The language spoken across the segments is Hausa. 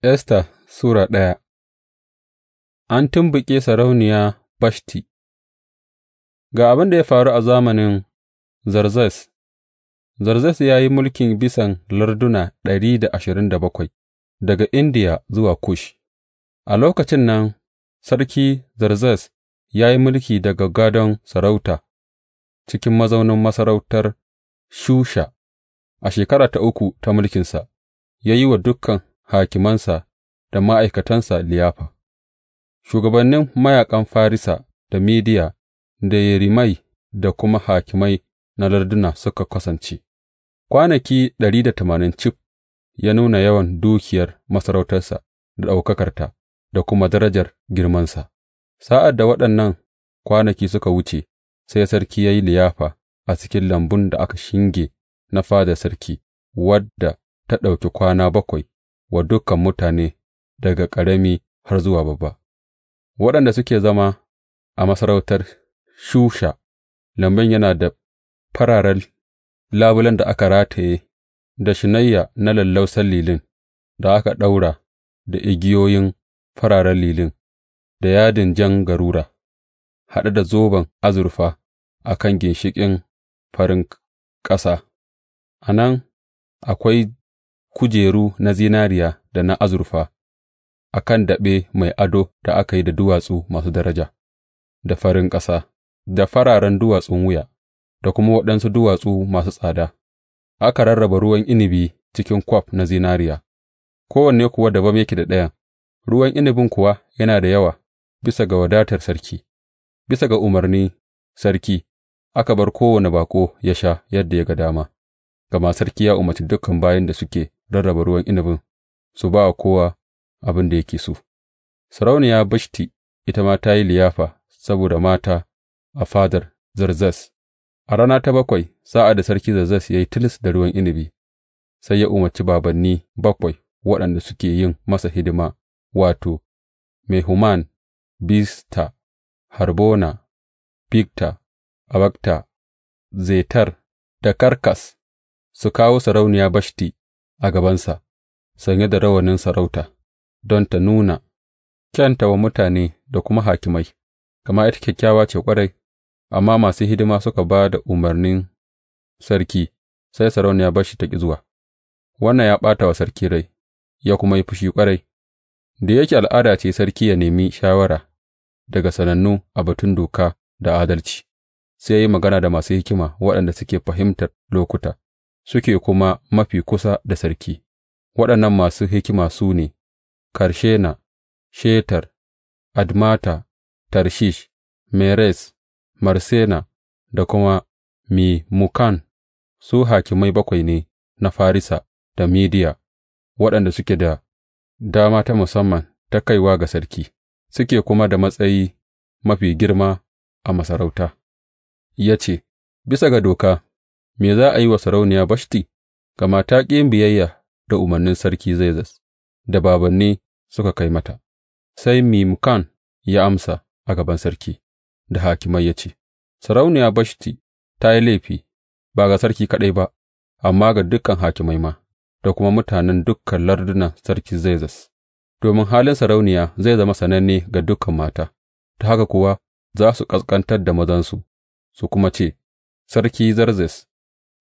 Esta Sura ɗaya An tumbuke sarauniya Bashti Ga abin da ya faru a zamanin Zarzes, Zarzes ya yi mulkin bisan larduna ɗari da ashirin da bakwai daga Indiya zuwa Kush, a lokacin nan sarki Zarzes ya yi mulki daga gadon sarauta cikin mazaunin masarautar Shusha a shekara ta uku ta mulkinsa, ya yi wa dukan hakimansa da ma'aikatansa liyafa, shugabannin mayaƙan Farisa da midiya da yerimai da kuma hakimai na larduna suka kasance, kwanaki ɗari da tamanin cif ya nuna yawan dukiyar masarautarsa da ɗaukakarta da kuma darajar girmansa. Sa'ad da waɗannan kwanaki suka wuce, sai sarki ya yi liyafa a cikin lambun da aka shinge na fadar sarki, wadda ta ɗauki kwana bakwai wa dukan mutane daga ƙarami har zuwa babba, waɗanda suke zama a masarautar Shusha, lambun yana da fararen labulen da aka rataye da shinayya na lallausan lilin da aka ɗaura da igiyoyin fararen lilin da yadin jan garura, haɗe da zoben azurfa a kan ginshiƙin farin ƙasa, a nan akwai kujeru na zinariya da na azurfa a kan daɓe mai ado da aka yi da duwatsu masu daraja, da farin ƙasa, da fararen duwatsun wuya, da kuma waɗansu duwatsu masu tsada. Aka rarraba ruwan inibi cikin kwaf na zinariya, kowanne kuwa dabam yake da ɗayan, ruwan inibin kuwa yana da yawa bisa ga wadatar sarki, bisa ga umarni sarki, aka bar kowane baƙo ya sha yadda ya ga dama, gama sarki ya umarci dukkan bayan da suke rarraba ruwan inabin su ba wa kowa abin da yake so. Sarauniya Bashti ita ma ta yi liyafa saboda mata a fadar Zarzas. A rana ta bakwai, sa'ad da sarki Zarzas ya yi tilis da ruwan inabi, sai ya umarci babanni bakwai waɗanda suke yin masa hidima, wato, Mehuman, Bista, Harbona, Bikta, Abakta, Zetar da Karkas, su kawo sarauniya Bashti a gabansa, sanye da rawanin sarauta, don ta nuna kyanta wa mutane da kuma hakimai, gama ita kyakkyawa ce kwarai. amma masu hidima suka ba da umarnin sarki, sai sarauniya shi ta ƙi zuwa. Wannan ya ɓata wa sarki rai, ya kuma yi fushi ƙwarai, da yake al'ada ce sarki ya nemi shawara daga sanannu a batun doka da adalci, sai ya yi magana da masu hikima waɗanda suke fahimtar lokuta, suke kuma mafi kusa da sarki, waɗannan masu hikima su ne, Karshena, Shetar, Admata, Tarshish, Meres, Marsena da kuma Mimukan, su hakimai bakwai ne na Farisa da Midiya, waɗanda suke da dama ta musamman ta kaiwa ga sarki, suke kuma da matsayi mafi girma a masarauta. Ya ce, Bisa ga doka, Me za a yi wa sarauniya Bashti, gama ta ƙi yin biyayya da umarnin Sarki Zerzes da bābānni suka kai mata, sai Mimkan ya amsa a gaban sarki da hakimai ya ce, Sarauniya Bashti ta yi laifi ba ga sarki kaɗai ba, amma ga dukan hakimai ma, da kuma mutanen dukkan lardunan sarki Zerzes, domin halin sarauniya zai zama sananne ga dukan mata, ta haka kuwa za su ƙasƙantar da mazansu, su kuma ce, Sarki Zerzes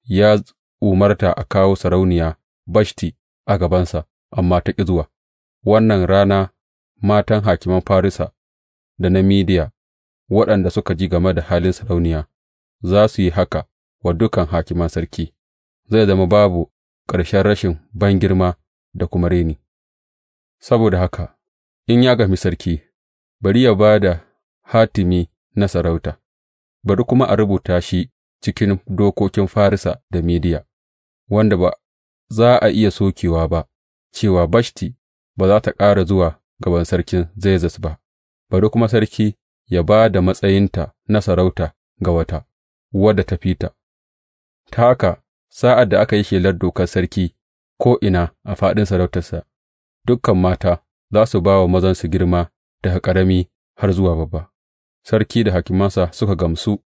ya umarta a kawo Sarauniya Bashti a gabansa, amma ta ƙi zuwa, wannan rana matan hakiman Farisa da na Midiya, waɗanda suka ji game da halin sarauniya, za su yi haka wa dukan hakiman sarki, zai zama babu ƙarshen rashin bangirma da kuma reni. Saboda haka, in ya gami sarki, bari ya ba da hatimi na sarauta, bari kuma a rubuta shi cikin dokokin Farisa da midiya. wanda ba za a iya sokewa ba, cewa Bashti ba za ta ƙara zuwa gaban sarkin Zezes ba, bari kuma sarki ya ba da matsayinta na sarauta ga wata, wadda ta fi ta. Ta haka, sa'ad da aka yi shelar dokar sarki ko'ina a faɗin sarautarsa, Dukkan mata za su ba wa mazansu girma daga ƙarami har zuwa babba. Sarki da hakimansa suka gamsu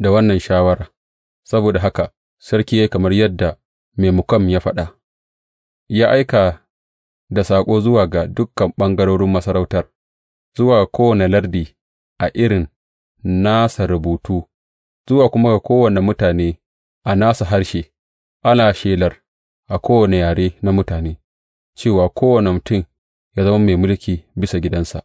da wannan shawara, saboda haka sarki ya yi kamar yadda Memukam ya faɗa, ya aika da saƙo zuwa ga dukan ɓangarorin masarautar, zuwa kowane lardi a irin nasa rubutu, zuwa kuma ga kowane mutane a nasa harshe, ana shelar a kowane yare na mutane, cewa kowane mutum ya zama mai mulki bisa gidansa.